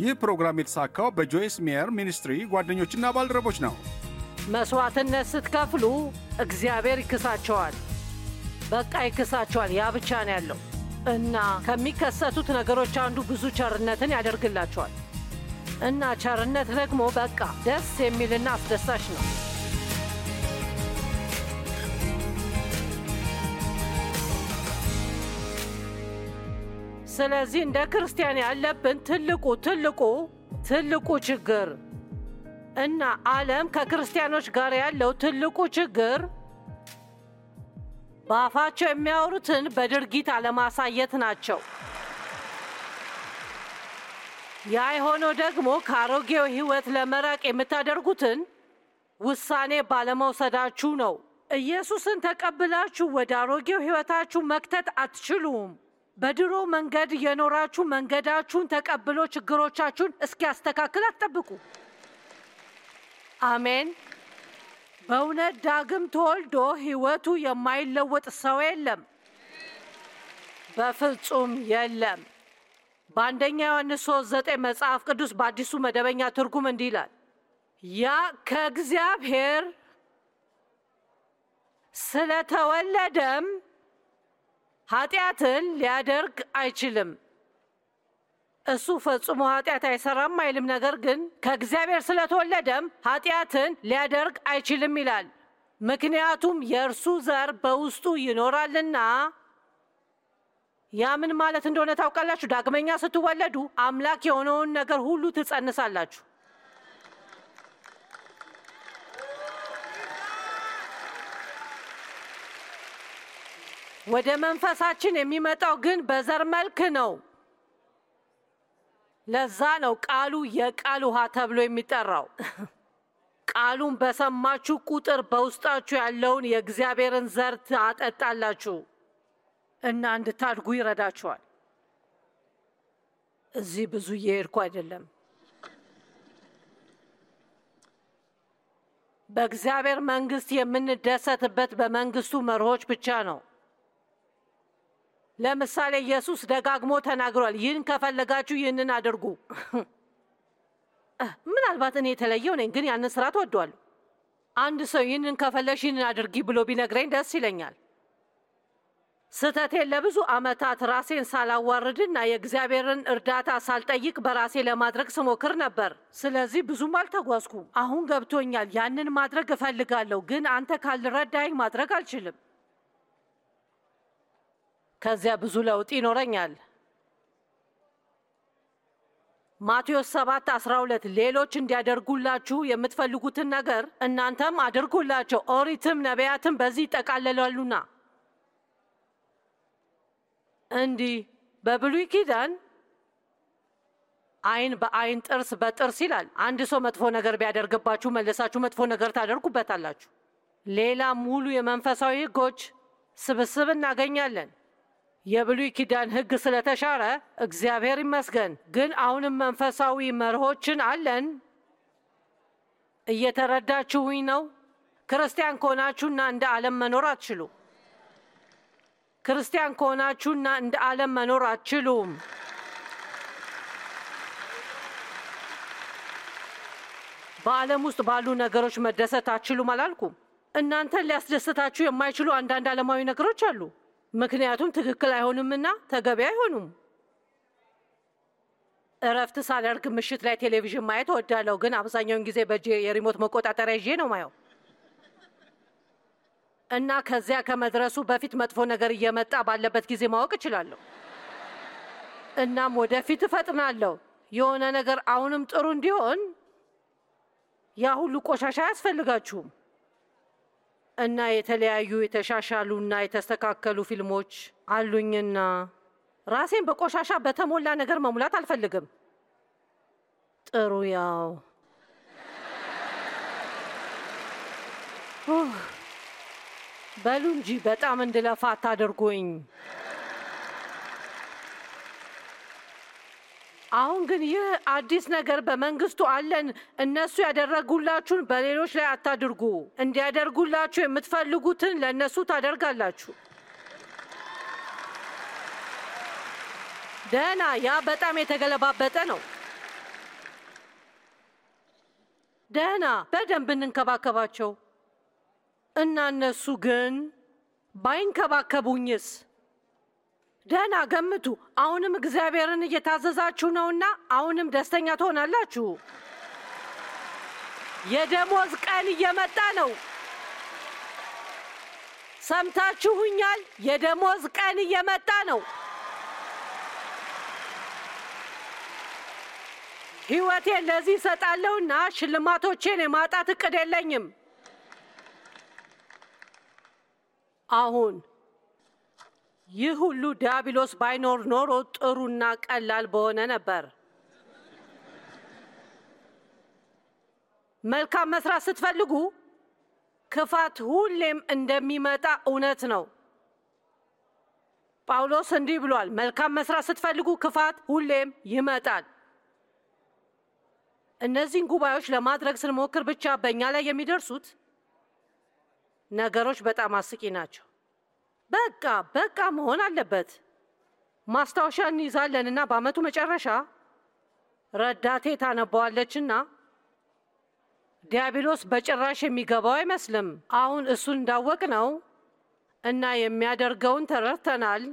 ይህ ፕሮግራም የተሳካው በጆይስ ሜየር ሚኒስትሪ ጓደኞችና ባልደረቦች ነው። መሥዋዕትነት ስትከፍሉ እግዚአብሔር ይክሳቸዋል። በቃ ይክሳቸዋል። ያ ብቻ ነው ያለው እና ከሚከሰቱት ነገሮች አንዱ ብዙ ቸርነትን ያደርግላቸዋል እና ቸርነት ደግሞ በቃ ደስ የሚልና አስደሳች ነው። ስለዚህ እንደ ክርስቲያን ያለብን ትልቁ ትልቁ ትልቁ ችግር እና ዓለም ከክርስቲያኖች ጋር ያለው ትልቁ ችግር በአፋቸው የሚያወሩትን በድርጊት አለማሳየት ናቸው። ያ የሆነው ደግሞ ከአሮጌው ሕይወት ለመራቅ የምታደርጉትን ውሳኔ ባለመውሰዳችሁ ነው። ኢየሱስን ተቀብላችሁ ወደ አሮጌው ሕይወታችሁ መክተት አትችሉም። በድሮ መንገድ የኖራችሁ መንገዳችሁን ተቀብሎ ችግሮቻችሁን እስኪያስተካክል አትጠብቁ። አሜን። በእውነት ዳግም ተወልዶ ሕይወቱ የማይለወጥ ሰው የለም፣ በፍጹም የለም። በአንደኛ ዮሐንስ 3፥9 መጽሐፍ ቅዱስ በአዲሱ መደበኛ ትርጉም እንዲህ ይላል ያ ከእግዚአብሔር ስለተወለደም ኃጢአትን ሊያደርግ አይችልም። እሱ ፈጽሞ ኃጢአት አይሰራም አይልም። ነገር ግን ከእግዚአብሔር ስለተወለደም ኃጢአትን ሊያደርግ አይችልም ይላል። ምክንያቱም የእርሱ ዘር በውስጡ ይኖራልና። ያ ምን ማለት እንደሆነ ታውቃላችሁ። ዳግመኛ ስትወለዱ አምላክ የሆነውን ነገር ሁሉ ትጸንሳላችሁ። ወደ መንፈሳችን የሚመጣው ግን በዘር መልክ ነው። ለዛ ነው ቃሉ የቃል ውሃ ተብሎ የሚጠራው። ቃሉን በሰማችሁ ቁጥር በውስጣችሁ ያለውን የእግዚአብሔርን ዘር ታጠጣላችሁ እና እንድታድጉ ይረዳችኋል። እዚህ ብዙ እየሄድኩ አይደለም። በእግዚአብሔር መንግስት የምንደሰትበት በመንግስቱ መርሆች ብቻ ነው። ለምሳሌ ኢየሱስ ደጋግሞ ተናግሯል፣ ይህን ከፈለጋችሁ ይህንን አድርጉ። ምናልባት እኔ የተለየው ነኝ፣ ግን ያንን ስራ ትወደዋለሁ። አንድ ሰው ይህንን ከፈለሽ ይህንን አድርጊ ብሎ ቢነግረኝ ደስ ይለኛል። ስህተቴን ለብዙ ዓመታት ራሴን ሳላዋርድና የእግዚአብሔርን እርዳታ ሳልጠይቅ በራሴ ለማድረግ ስሞክር ነበር። ስለዚህ ብዙም አልተጓዝኩም። አሁን ገብቶኛል። ያንን ማድረግ እፈልጋለሁ፣ ግን አንተ ካልረዳኝ ማድረግ አልችልም። ከዚያ ብዙ ለውጥ ይኖረኛል። ማቴዎስ 7 12 ሌሎች እንዲያደርጉላችሁ የምትፈልጉትን ነገር እናንተም አድርጉላቸው፣ ኦሪትም ነቢያትም በዚህ ይጠቃለላሉና። እንዲህ በብሉይ ኪዳን አይን በአይን ጥርስ በጥርስ ይላል። አንድ ሰው መጥፎ ነገር ቢያደርግባችሁ መለሳችሁ መጥፎ ነገር ታደርጉበታላችሁ። ሌላ ሙሉ የመንፈሳዊ ህጎች ስብስብ እናገኛለን። የብሉይ ኪዳን ህግ ስለተሻረ እግዚአብሔር ይመስገን። ግን አሁንም መንፈሳዊ መርሆችን አለን። እየተረዳችሁኝ ነው? ክርስቲያን ከሆናችሁና እንደ ዓለም መኖር አትችሉ። ክርስቲያን ከሆናችሁና እንደ ዓለም መኖር አትችሉም። በዓለም ውስጥ ባሉ ነገሮች መደሰት አትችሉም አላልኩም። እናንተን ሊያስደስታችሁ የማይችሉ አንዳንድ ዓለማዊ ነገሮች አሉ። ምክንያቱም ትክክል አይሆንምና ተገቢ አይሆኑም። እረፍት ሳደርግ ምሽት ላይ ቴሌቪዥን ማየት ወዳለው ግን አብዛኛውን ጊዜ በእጄ የሪሞት መቆጣጠሪያ ይዤ ነው ማየው እና ከዚያ ከመድረሱ በፊት መጥፎ ነገር እየመጣ ባለበት ጊዜ ማወቅ እችላለሁ። እናም ወደፊት እፈጥናለሁ። የሆነ ነገር አሁንም ጥሩ እንዲሆን ያ ሁሉ ቆሻሻ አያስፈልጋችሁም። እና የተለያዩ የተሻሻሉ እና የተስተካከሉ ፊልሞች አሉኝና ራሴን በቆሻሻ በተሞላ ነገር መሙላት አልፈልግም። ጥሩ ያው በሉ እንጂ በጣም እንድለፋ አታደርጎኝ። አሁን ግን ይህ አዲስ ነገር በመንግስቱ አለን። እነሱ ያደረጉላችሁን በሌሎች ላይ አታድርጉ። እንዲያደርጉላችሁ የምትፈልጉትን ለእነሱ ታደርጋላችሁ። ደህና፣ ያ በጣም የተገለባበጠ ነው። ደህና፣ በደንብ እንንከባከባቸው እና እነሱ ግን ባይንከባከቡኝስ? ደህና ገምቱ። አሁንም እግዚአብሔርን እየታዘዛችሁ ነውና አሁንም ደስተኛ ትሆናላችሁ። የደሞዝ ቀን እየመጣ ነው። ሰምታችሁኛል? የደሞዝ ቀን እየመጣ ነው። ሕይወቴን ለዚህ እሰጣለሁና ሽልማቶቼን የማጣት እቅድ የለኝም አሁን ይህ ሁሉ ዲያብሎስ ባይኖር ኖሮ ጥሩና ቀላል በሆነ ነበር። መልካም መስራት ስትፈልጉ ክፋት ሁሌም እንደሚመጣ እውነት ነው። ጳውሎስ እንዲህ ብሏል፣ መልካም መስራት ስትፈልጉ ክፋት ሁሌም ይመጣል። እነዚህን ጉባኤዎች ለማድረግ ስንሞክር ብቻ በእኛ ላይ የሚደርሱት ነገሮች በጣም አስቂ ናቸው። በቃ በቃ መሆን አለበት። ማስታወሻ እንይዛለንና በአመቱ መጨረሻ ረዳቴ ታነበዋለችና ዲያብሎስ በጭራሽ የሚገባው አይመስልም። አሁን እሱን እንዳወቅ ነው እና የሚያደርገውን ተረድተናል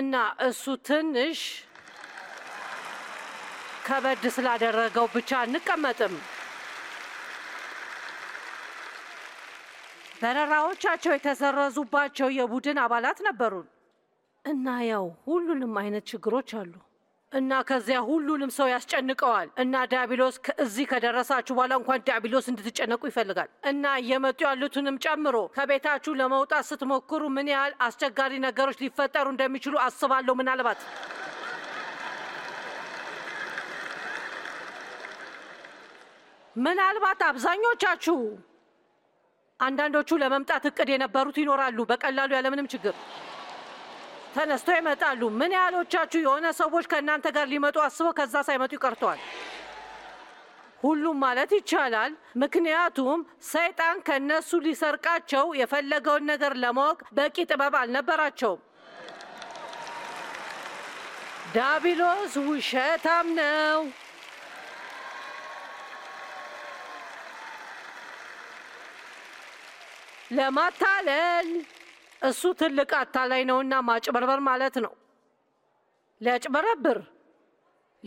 እና እሱ ትንሽ ከበድ ስላደረገው ብቻ አንቀመጥም። በረራዎቻቸው የተሰረዙባቸው የቡድን አባላት ነበሩን እና ያው ሁሉንም አይነት ችግሮች አሉ እና ከዚያ ሁሉንም ሰው ያስጨንቀዋል። እና ዲያብሎስ እዚህ ከደረሳችሁ በኋላ እንኳን ዲያብሎስ እንድትጨነቁ ይፈልጋል። እና እየመጡ ያሉትንም ጨምሮ ከቤታችሁ ለመውጣት ስትሞክሩ ምን ያህል አስቸጋሪ ነገሮች ሊፈጠሩ እንደሚችሉ አስባለሁ። ምናልባት ምናልባት አብዛኞቻችሁ አንዳንዶቹ ለመምጣት እቅድ የነበሩት ይኖራሉ። በቀላሉ ያለምንም ችግር ተነስተው ይመጣሉ። ምን ያህሎቻችሁ የሆነ ሰዎች ከእናንተ ጋር ሊመጡ አስበው ከዛ ሳይመጡ ይቀርተዋል? ሁሉም ማለት ይቻላል። ምክንያቱም ሰይጣን ከእነሱ ሊሰርቃቸው የፈለገውን ነገር ለማወቅ በቂ ጥበብ አልነበራቸውም። ዳቢሎስ ውሸታም ነው። ለማታለል እሱ ትልቅ አታላይ ነውና ማጭበርበር ማለት ነው። ሊያጭበረብር፣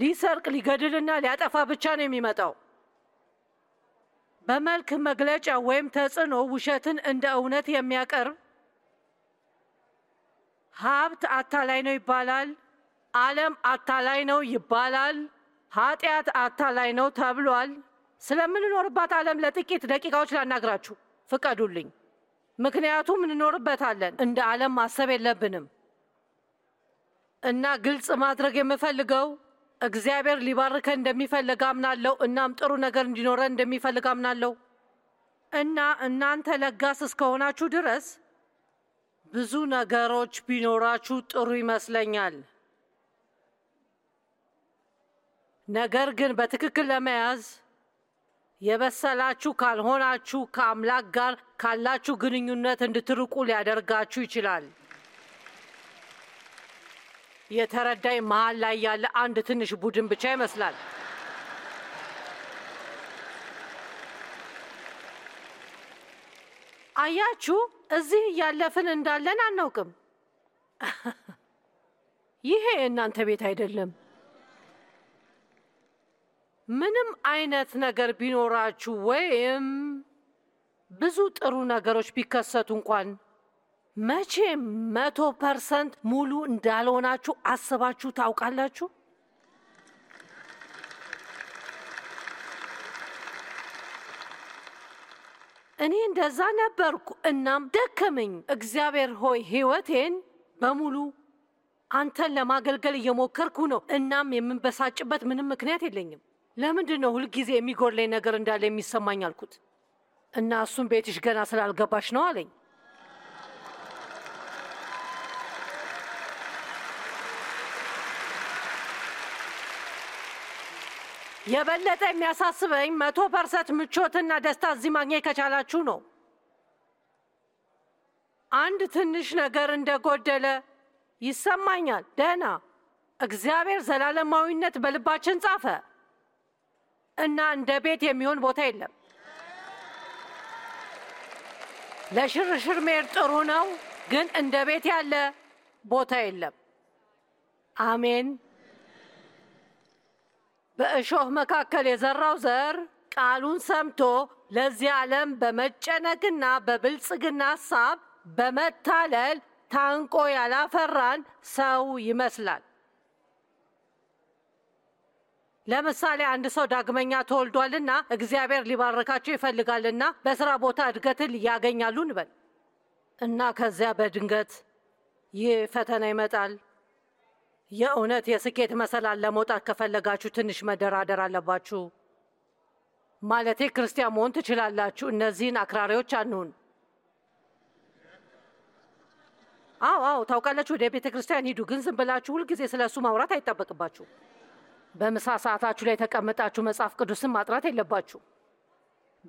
ሊሰርቅ፣ ሊገድልና ሊያጠፋ ብቻ ነው የሚመጣው። በመልክ መግለጫ ወይም ተጽዕኖ ውሸትን እንደ እውነት የሚያቀርብ ሀብት አታላይ ነው ይባላል። ዓለም አታላይ ነው ይባላል። ኃጢአት አታላይ ነው ተብሏል። ስለምንኖርባት ዓለም ለጥቂት ደቂቃዎች ላናግራችሁ ፍቀዱልኝ። ምክንያቱም እንኖርበታለን። እንደ ዓለም ማሰብ የለብንም እና ግልጽ ማድረግ የምፈልገው እግዚአብሔር ሊባርከን እንደሚፈልግ አምናለሁ። እናም ጥሩ ነገር እንዲኖረን እንደሚፈልግ አምናለሁ እና እናንተ ለጋስ እስከሆናችሁ ድረስ ብዙ ነገሮች ቢኖራችሁ ጥሩ ይመስለኛል። ነገር ግን በትክክል ለመያዝ የበሰላችሁ ካልሆናችሁ ከአምላክ ጋር ካላችሁ ግንኙነት እንድትርቁ ሊያደርጋችሁ ይችላል። የተረዳይ መሀል ላይ ያለ አንድ ትንሽ ቡድን ብቻ ይመስላል። አያችሁ፣ እዚህ እያለፍን እንዳለን አናውቅም። ይሄ የእናንተ ቤት አይደለም። ምንም አይነት ነገር ቢኖራችሁ ወይም ብዙ ጥሩ ነገሮች ቢከሰቱ እንኳን መቼም መቶ ፐርሰንት ሙሉ እንዳልሆናችሁ አስባችሁ ታውቃላችሁ? እኔ እንደዛ ነበርኩ። እናም ደከመኝ። እግዚአብሔር ሆይ ሕይወቴን በሙሉ አንተን ለማገልገል እየሞከርኩ ነው። እናም የምንበሳጭበት ምንም ምክንያት የለኝም። ለምንድን ነው ሁልጊዜ የሚጎድለኝ ነገር እንዳለ የሚሰማኝ አልኩት እና እሱም ቤትሽ ገና ስላልገባሽ ነው አለኝ። የበለጠ የሚያሳስበኝ መቶ ፐርሰንት ምቾትና ደስታ እዚህ ማግኘት ከቻላችሁ ነው። አንድ ትንሽ ነገር እንደጎደለ ይሰማኛል። ደህና እግዚአብሔር ዘላለማዊነት በልባችን ጻፈ። እና እንደ ቤት የሚሆን ቦታ የለም። ለሽርሽር ሜር ጥሩ ነው፣ ግን እንደ ቤት ያለ ቦታ የለም። አሜን። በእሾህ መካከል የዘራው ዘር ቃሉን ሰምቶ ለዚህ ዓለም በመጨነቅና በብልጽግና ሀሳብ በመታለል ታንቆ ያላፈራን ሰው ይመስላል። ለምሳሌ አንድ ሰው ዳግመኛ ተወልዷልና እግዚአብሔር ሊባርካቸው ይፈልጋልና በስራ ቦታ እድገትን ያገኛሉ እንበል እና ከዚያ በድንገት ይህ ፈተና ይመጣል። የእውነት የስኬት መሰላል ለመውጣት ከፈለጋችሁ ትንሽ መደራደር አለባችሁ። ማለቴ ክርስቲያን መሆን ትችላላችሁ። እነዚህን አክራሪዎች አንሁን። አዎ አዎ፣ ታውቃላችሁ፣ ወደ ቤተ ክርስቲያን ሂዱ፣ ግን ዝም ብላችሁ ሁልጊዜ ስለ እሱ ማውራት አይጠበቅባችሁ። በምሳ ሰዓታችሁ ላይ ተቀምጣችሁ መጽሐፍ ቅዱስን ማጥራት የለባችሁ።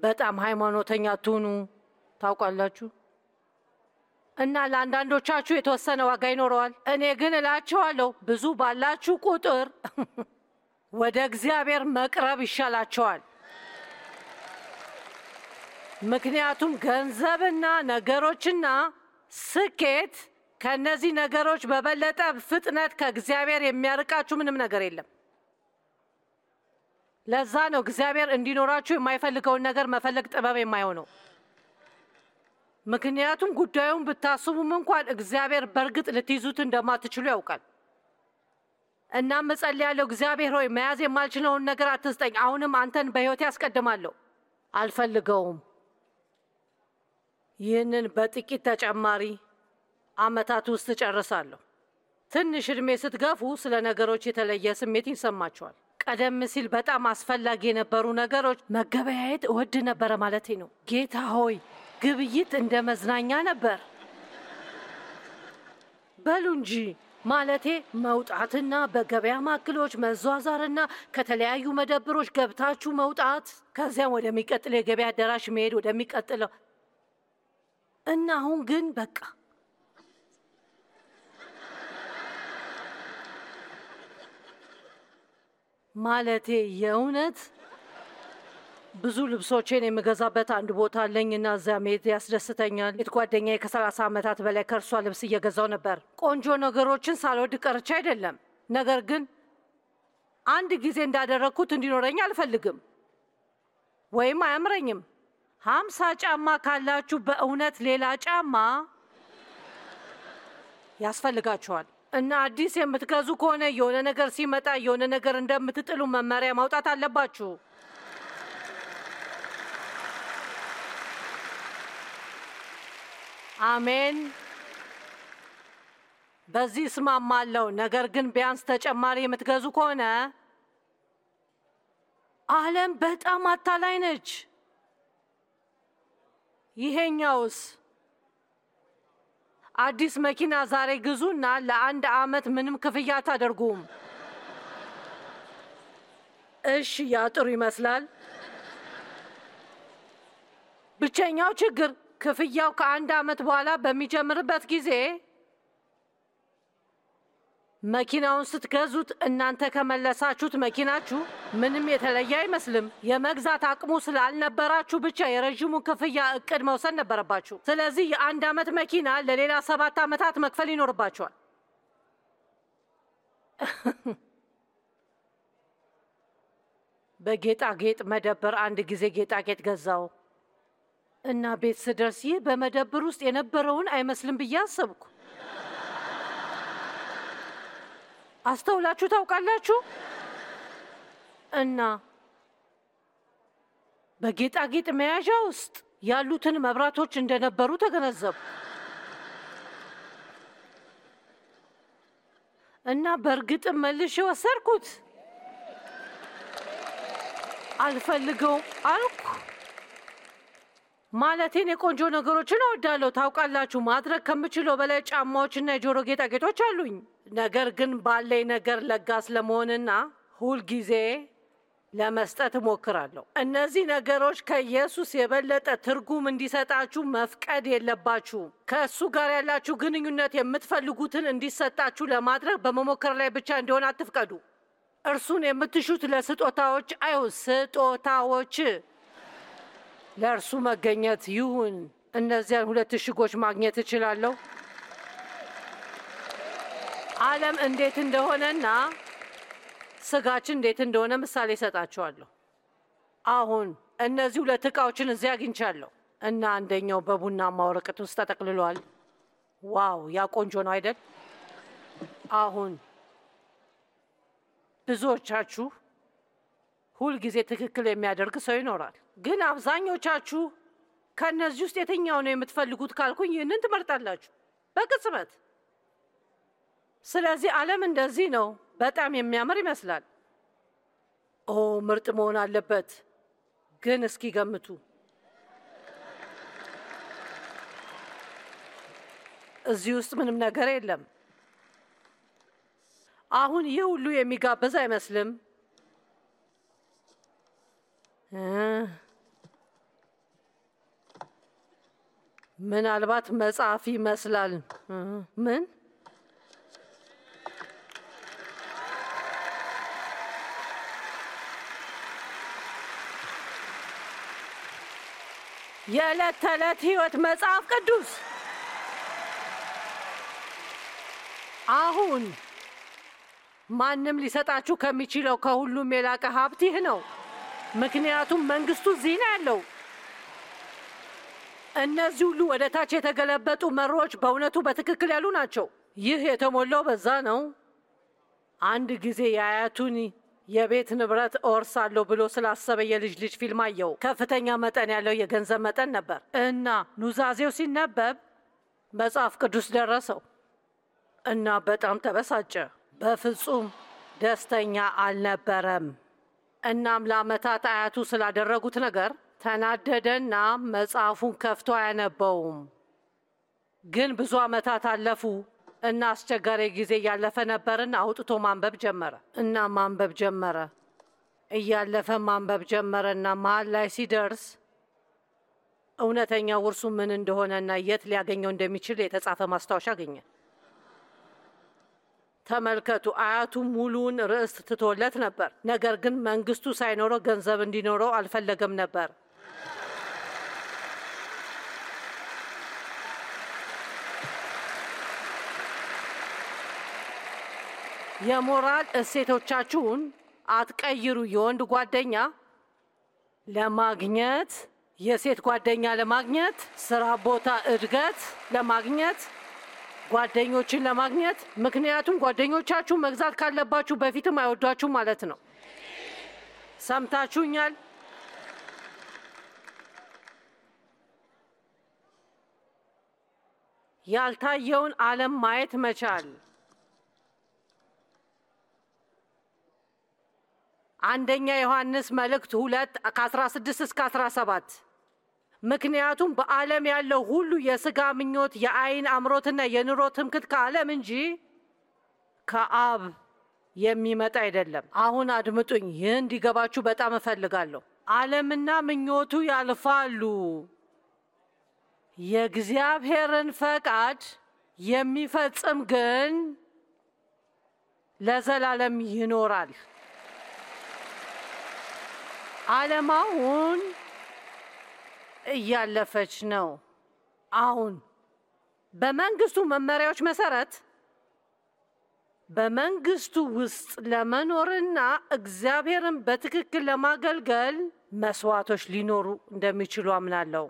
በጣም ሃይማኖተኛ ትሆኑ ታውቃላችሁ። እና ለአንዳንዶቻችሁ የተወሰነ ዋጋ ይኖረዋል። እኔ ግን እላችኋለሁ ብዙ ባላችሁ ቁጥር ወደ እግዚአብሔር መቅረብ ይሻላቸዋል። ምክንያቱም ገንዘብና ነገሮችና ስኬት ከእነዚህ ነገሮች በበለጠ ፍጥነት ከእግዚአብሔር የሚያርቃችሁ ምንም ነገር የለም። ለዛ ነው እግዚአብሔር እንዲኖራችሁ የማይፈልገውን ነገር መፈለግ ጥበብ የማይሆነው። ምክንያቱም ጉዳዩን ብታስቡም እንኳን እግዚአብሔር በእርግጥ ልትይዙት እንደማትችሉ ያውቃል። እናም ያለው እግዚአብሔር ሆይ መያዝ የማልችለውን ነገር አትስጠኝ። አሁንም አንተን በህይወት ያስቀድማለሁ፣ አልፈልገውም። ይህንን በጥቂት ተጨማሪ አመታት ውስጥ ጨርሳለሁ። ትንሽ ዕድሜ ስትገፉ ስለ ነገሮች የተለየ ስሜት ይሰማቸዋል። ቀደም ሲል በጣም አስፈላጊ የነበሩ ነገሮች መገበያየት እወድ ነበረ ማለቴ ነው። ጌታ ሆይ ግብይት እንደ መዝናኛ ነበር። በሉ እንጂ ማለቴ መውጣትና በገበያ ማዕከሎች መዟዟርና ከተለያዩ መደብሮች ገብታችሁ መውጣት፣ ከዚያም ወደሚቀጥለው የገበያ አዳራሽ መሄድ ወደሚቀጥለው እና አሁን ግን በቃ ማለቴ የእውነት ብዙ ልብሶቼን የምገዛበት አንድ ቦታ አለኝና እዚያ መሄድ ያስደስተኛል። ት ጓደኛ ከ30 ዓመታት በላይ ከእርሷ ልብስ እየገዛው ነበር። ቆንጆ ነገሮችን ሳልወድ ቀርቼ አይደለም፣ ነገር ግን አንድ ጊዜ እንዳደረግኩት እንዲኖረኝ አልፈልግም ወይም አያምረኝም። ሀምሳ ጫማ ካላችሁ በእውነት ሌላ ጫማ ያስፈልጋችኋል። እና አዲስ የምትገዙ ከሆነ የሆነ ነገር ሲመጣ የሆነ ነገር እንደምትጥሉ መመሪያ ማውጣት አለባችሁ። አሜን። በዚህ እስማማለሁ። ነገር ግን ቢያንስ ተጨማሪ የምትገዙ ከሆነ ዓለም በጣም አታላይ ነች። ይሄኛውስ አዲስ መኪና ዛሬ ግዙና ለአንድ አመት ምንም ክፍያ አታደርጉም። እሽ፣ ያ ጥሩ ይመስላል። ብቸኛው ችግር ክፍያው ከአንድ አመት በኋላ በሚጀምርበት ጊዜ መኪናውን ስትገዙት እናንተ ከመለሳችሁት መኪናችሁ ምንም የተለየ አይመስልም። የመግዛት አቅሙ ስላልነበራችሁ ብቻ የረዥሙን ክፍያ እቅድ መውሰድ ነበረባችሁ። ስለዚህ የአንድ ዓመት መኪና ለሌላ ሰባት ዓመታት መክፈል ይኖርባችኋል። በጌጣጌጥ መደብር አንድ ጊዜ ጌጣጌጥ ገዛው እና ቤት ስደርስ ይህ በመደብር ውስጥ የነበረውን አይመስልም ብዬ አሰብኩ። አስተውላችሁ ታውቃላችሁ? እና በጌጣጌጥ መያዣ ውስጥ ያሉትን መብራቶች እንደነበሩ ተገነዘቡ። እና በእርግጥም መልሽ የወሰድኩት አልፈልገውም አልኩ። ማለቴን የቆንጆ ነገሮችን እወዳለሁ። ታውቃላችሁ ማድረግ ከምችለው በላይ ጫማዎችና የጆሮ ጌጣጌጦች አሉኝ። ነገር ግን ባለኝ ነገር ለጋስ ለመሆንና ሁልጊዜ ለመስጠት እሞክራለሁ። እነዚህ ነገሮች ከኢየሱስ የበለጠ ትርጉም እንዲሰጣችሁ መፍቀድ የለባችሁም። ከእሱ ጋር ያላችሁ ግንኙነት የምትፈልጉትን እንዲሰጣችሁ ለማድረግ በመሞከር ላይ ብቻ እንዲሆን አትፍቀዱ። እርሱን የምትሹት ለስጦታዎች አይሁን፣ ስጦታዎች ለእርሱ መገኘት ይሁን። እነዚያን ሁለት እሽጎች ማግኘት እችላለሁ። ዓለም እንዴት እንደሆነና ስጋችን እንዴት እንደሆነ ምሳሌ ይሰጣችኋለሁ። አሁን እነዚህ ሁለት እቃዎችን እዚህ አግኝቻለሁ እና አንደኛው በቡናማ ወረቀት ውስጥ ተጠቅልሏል። ዋው ያ ቆንጆ ነው አይደል? አሁን ብዙዎቻችሁ ሁልጊዜ ትክክል የሚያደርግ ሰው ይኖራል፣ ግን አብዛኞቻችሁ ከእነዚህ ውስጥ የትኛው ነው የምትፈልጉት ካልኩኝ ይህንን ትመርጣላችሁ በቅጽበት ስለዚህ ዓለም እንደዚህ ነው። በጣም የሚያምር ይመስላል። ኦ ምርጥ መሆን አለበት። ግን እስኪ ገምቱ፣ እዚህ ውስጥ ምንም ነገር የለም። አሁን ይህ ሁሉ የሚጋብዝ አይመስልም። ምናልባት መጽሐፍ ይመስላል። ምን የዕለት ተዕለት ሕይወት መጽሐፍ ቅዱስ አሁን ማንም ሊሰጣችሁ ከሚችለው ከሁሉም የላቀ ሀብት ይህ ነው፣ ምክንያቱም መንግስቱ እዚህ ነው ያለው። እነዚህ ሁሉ ወደ ታች የተገለበጡ መሮች በእውነቱ በትክክል ያሉ ናቸው። ይህ የተሞላው በዛ ነው። አንድ ጊዜ የአያቱን የቤት ንብረት እወርሳለሁ ብሎ ስላሰበ የልጅ ልጅ ፊልም አየው። ከፍተኛ መጠን ያለው የገንዘብ መጠን ነበር እና ኑዛዜው ሲነበብ መጽሐፍ ቅዱስ ደረሰው እና በጣም ተበሳጨ። በፍጹም ደስተኛ አልነበረም። እናም ለዓመታት አያቱ ስላደረጉት ነገር ተናደደና መጽሐፉን ከፍቶ አያነበውም። ግን ብዙ ዓመታት አለፉ። እና አስቸጋሪ ጊዜ እያለፈ ነበርና አውጥቶ ማንበብ ጀመረ እና ማንበብ ጀመረ እያለፈ ማንበብ ጀመረ እና መሀል ላይ ሲደርስ እውነተኛ ውርሱ ምን እንደሆነ የት ሊያገኘው እንደሚችል የተጻፈ ማስታወሻ አገኘ። ተመልከቱ፣ አያቱ ሙሉውን ርዕስት ትቶለት ነበር፣ ነገር ግን መንግስቱ ሳይኖረው ገንዘብ እንዲኖረው አልፈለገም ነበር። የሞራል እሴቶቻችሁን አትቀይሩ። የወንድ ጓደኛ ለማግኘት የሴት ጓደኛ ለማግኘት ስራ ቦታ እድገት ለማግኘት ጓደኞችን ለማግኘት ምክንያቱም ጓደኞቻችሁ መግዛት ካለባችሁ በፊትም አይወዷችሁ ማለት ነው። ሰምታችሁኛል? ያልታየውን ዓለም ማየት መቻል አንደኛ ዮሐንስ መልእክት 2 ከ16 እስከ 17 ምክንያቱም በዓለም ያለው ሁሉ የሥጋ ምኞት፣ የአይን አምሮትና የኑሮ ትምክት ከዓለም እንጂ ከአብ የሚመጣ አይደለም። አሁን አድምጡኝ፣ ይህ እንዲገባችሁ በጣም እፈልጋለሁ። ዓለምና ምኞቱ ያልፋሉ፣ የእግዚአብሔርን ፈቃድ የሚፈጽም ግን ለዘላለም ይኖራል። አለማውን እያለፈች ነው። አሁን በመንግስቱ መመሪያዎች መሰረት በመንግስቱ ውስጥ ለመኖርና እግዚአብሔርን በትክክል ለማገልገል መስዋዕቶች ሊኖሩ እንደሚችሉ አምናለሁ።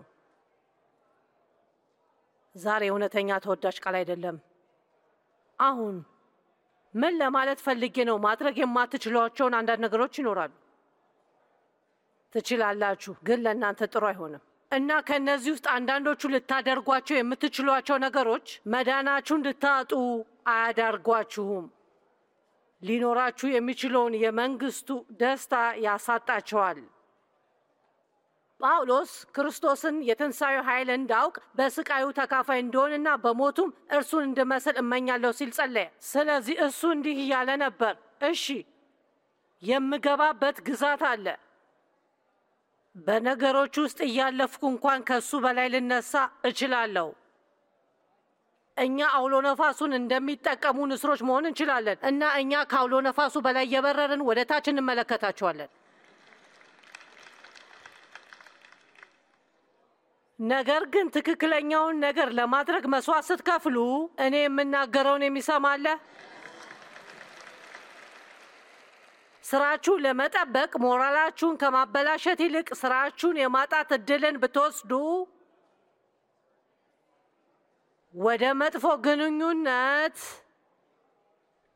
ዛሬ እውነተኛ ተወዳጅ ቃል አይደለም። አሁን ምን ለማለት ፈልጌ ነው? ማድረግ የማትችሏቸውን አንዳንድ ነገሮች ይኖራሉ። ትችላላችሁ፣ ግን ለእናንተ ጥሩ አይሆንም እና ከእነዚህ ውስጥ አንዳንዶቹ ልታደርጓቸው የምትችሏቸው ነገሮች መዳናችሁ እንድታጡ አያዳርጓችሁም። ሊኖራችሁ የሚችለውን የመንግስቱ ደስታ ያሳጣቸዋል። ጳውሎስ ክርስቶስን የትንሣኤው ኃይል እንዳውቅ በስቃዩ ተካፋይ እንደሆንና በሞቱም እርሱን እንድመስል እመኛለሁ ሲል ጸለየ። ስለዚህ እሱ እንዲህ እያለ ነበር፣ እሺ የምገባበት ግዛት አለ በነገሮች ውስጥ እያለፍኩ እንኳን ከሱ በላይ ልነሳ እችላለሁ። እኛ አውሎ ነፋሱን እንደሚጠቀሙ ንስሮች መሆን እንችላለን እና እኛ ከአውሎ ነፋሱ በላይ የበረርን ወደ ታች እንመለከታቸዋለን። ነገር ግን ትክክለኛውን ነገር ለማድረግ መስዋዕት ስትከፍሉ እኔ የምናገረውን የሚሰማ አለ? ስራችሁን ለመጠበቅ ሞራላችሁን ከማበላሸት ይልቅ ስራችሁን የማጣት እድልን ብትወስዱ ወደ መጥፎ ግንኙነት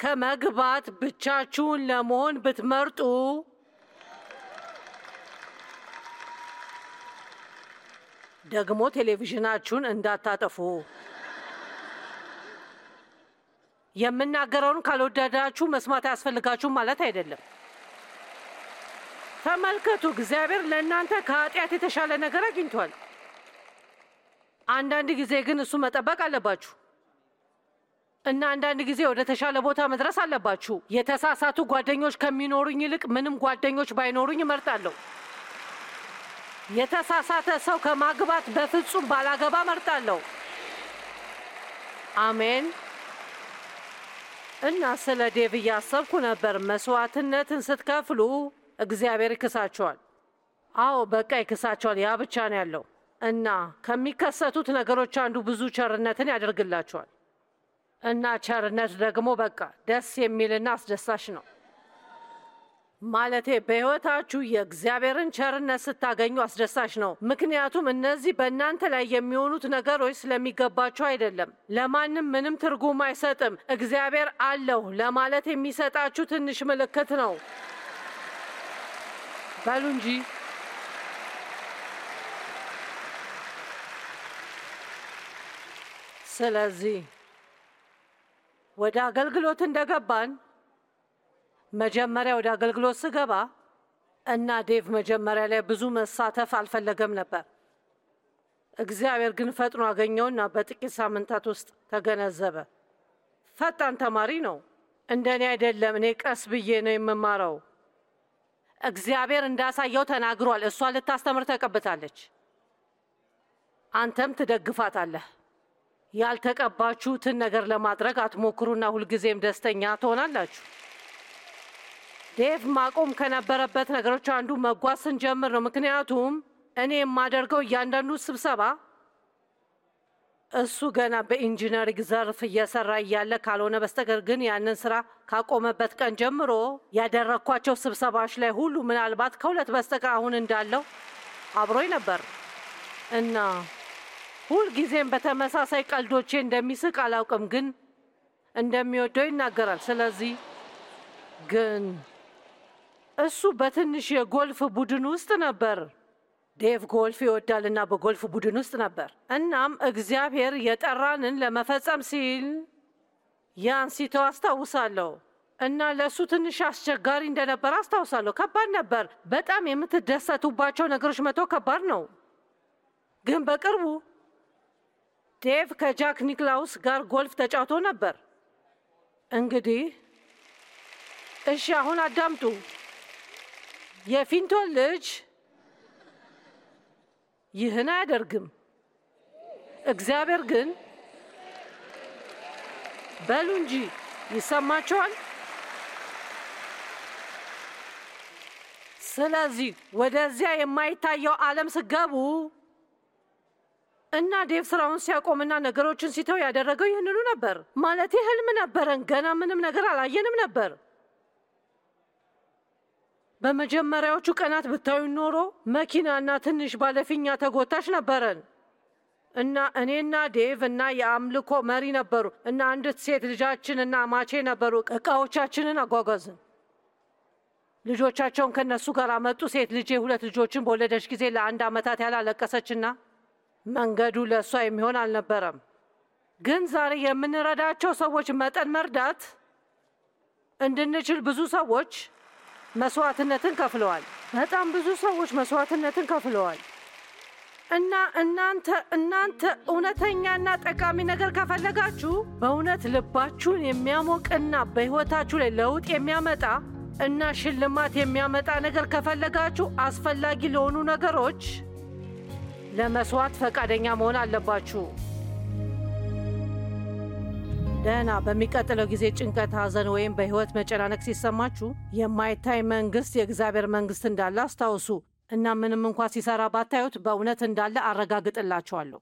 ከመግባት ብቻችሁን ለመሆን ብትመርጡ ደግሞ ቴሌቪዥናችሁን እንዳታጠፉ። የምናገረውን ካልወደዳችሁ መስማት አያስፈልጋችሁ ማለት አይደለም። ተመልከቱ፣ እግዚአብሔር ለእናንተ ከኃጢአት የተሻለ ነገር አግኝቷል። አንዳንድ ጊዜ ግን እሱ መጠበቅ አለባችሁ እና አንዳንድ ጊዜ ወደ ተሻለ ቦታ መድረስ አለባችሁ። የተሳሳቱ ጓደኞች ከሚኖሩኝ ይልቅ ምንም ጓደኞች ባይኖሩኝ እመርጣለሁ። የተሳሳተ ሰው ከማግባት በፍጹም ባላገባ እመርጣለሁ። አሜን። እና ስለ ዴቭ እያሰብኩ ነበር። መስዋዕትነትን ስትከፍሉ እግዚአብሔር ይክሳቸዋል። አዎ በቃ ይክሳቸዋል። ያ ብቻ ነው ያለው እና ከሚከሰቱት ነገሮች አንዱ ብዙ ቸርነትን ያደርግላቸዋል። እና ቸርነት ደግሞ በቃ ደስ የሚልና አስደሳች ነው። ማለቴ በሕይወታችሁ የእግዚአብሔርን ቸርነት ስታገኙ አስደሳች ነው። ምክንያቱም እነዚህ በእናንተ ላይ የሚሆኑት ነገሮች ስለሚገባችሁ አይደለም። ለማንም ምንም ትርጉም አይሰጥም። እግዚአብሔር አለሁ ለማለት የሚሰጣችሁ ትንሽ ምልክት ነው። Balungi. ስለዚህ ወደ አገልግሎት እንደገባን መጀመሪያ ወደ አገልግሎት ስገባ እና ዴቭ መጀመሪያ ላይ ብዙ መሳተፍ አልፈለገም ነበር። እግዚአብሔር ግን ፈጥኖ አገኘውና በጥቂት ሳምንታት ውስጥ ተገነዘበ። ፈጣን ተማሪ ነው። እንደኔ አይደለም። እኔ ቀስ ብዬ ነው የምማረው። እግዚአብሔር እንዳሳየው ተናግሯል። እሷ ልታስተምር ተቀብታለች፣ አንተም ትደግፋታለህ። ያልተቀባችሁትን ነገር ለማድረግ አትሞክሩና ሁልጊዜም ደስተኛ ትሆናላችሁ። ዴቭ ማቆም ከነበረበት ነገሮች አንዱ መጓዝ ስንጀምር ነው። ምክንያቱም እኔ የማደርገው እያንዳንዱ ስብሰባ እሱ ገና በኢንጂነሪንግ ዘርፍ እየሰራ እያለ ካልሆነ በስተቀር ግን ያንን ስራ ካቆመበት ቀን ጀምሮ ያደረግኳቸው ስብሰባዎች ላይ ሁሉ ምናልባት ከሁለት በስተቀር አሁን እንዳለው አብሮኝ ነበር እና ሁልጊዜም በተመሳሳይ ቀልዶቼ እንደሚስቅ አላውቅም፣ ግን እንደሚወደው ይናገራል። ስለዚህ ግን እሱ በትንሽ የጎልፍ ቡድን ውስጥ ነበር ዴቭ ጎልፍ ይወዳልና በጎልፍ ቡድን ውስጥ ነበር። እናም እግዚአብሔር የጠራንን ለመፈጸም ሲል ያን አስታውሳለሁ እና ለእሱ ትንሽ አስቸጋሪ እንደነበር አስታውሳለሁ። ከባድ ነበር። በጣም የምትደሰቱባቸው ነገሮች መቶ ከባድ ነው። ግን በቅርቡ ዴቭ ከጃክ ኒክላውስ ጋር ጎልፍ ተጫውቶ ነበር። እንግዲህ እሺ፣ አሁን አዳምጡ የፊንቶን ልጅ ይህን አያደርግም። እግዚአብሔር ግን በሉ እንጂ ይሰማቸዋል። ስለዚህ ወደዚያ የማይታየው ዓለም ስገቡ እና ዴቭ ስራውን ሲያቆምና ነገሮችን ሲተው ያደረገው ይህንኑ ነበር። ማለት ህልም ነበረን። ገና ምንም ነገር አላየንም ነበር። በመጀመሪያዎቹ ቀናት ብታዩን ኖሮ መኪናና ትንሽ ባለፊኛ ተጎታች ነበረን እና እኔና ዴቭ እና የአምልኮ መሪ ነበሩ እና አንድት ሴት ልጃችን እና ማቼ ነበሩ። እቃዎቻችንን አጓጓዝን። ልጆቻቸውን ከነሱ ጋር መጡ። ሴት ልጄ ሁለት ልጆችን በወለደች ጊዜ ለአንድ ዓመታት ያላለቀሰችና መንገዱ ለእሷ የሚሆን አልነበረም። ግን ዛሬ የምንረዳቸው ሰዎች መጠን መርዳት እንድንችል ብዙ ሰዎች መስዋዕትነትን ከፍለዋል። በጣም ብዙ ሰዎች መስዋዕትነትን ከፍለዋል። እና እናንተ እናንተ እውነተኛና ጠቃሚ ነገር ከፈለጋችሁ በእውነት ልባችሁን የሚያሞቅና በሕይወታችሁ ላይ ለውጥ የሚያመጣ እና ሽልማት የሚያመጣ ነገር ከፈለጋችሁ አስፈላጊ ለሆኑ ነገሮች ለመስዋዕት ፈቃደኛ መሆን አለባችሁ። ደህና በሚቀጥለው ጊዜ ጭንቀት፣ ሐዘን ወይም በሕይወት መጨናነቅ ሲሰማችሁ የማይታይ መንግሥት የእግዚአብሔር መንግሥት እንዳለ አስታውሱ እና ምንም እንኳ ሲሰራ ባታዩት በእውነት እንዳለ አረጋግጥላችኋለሁ።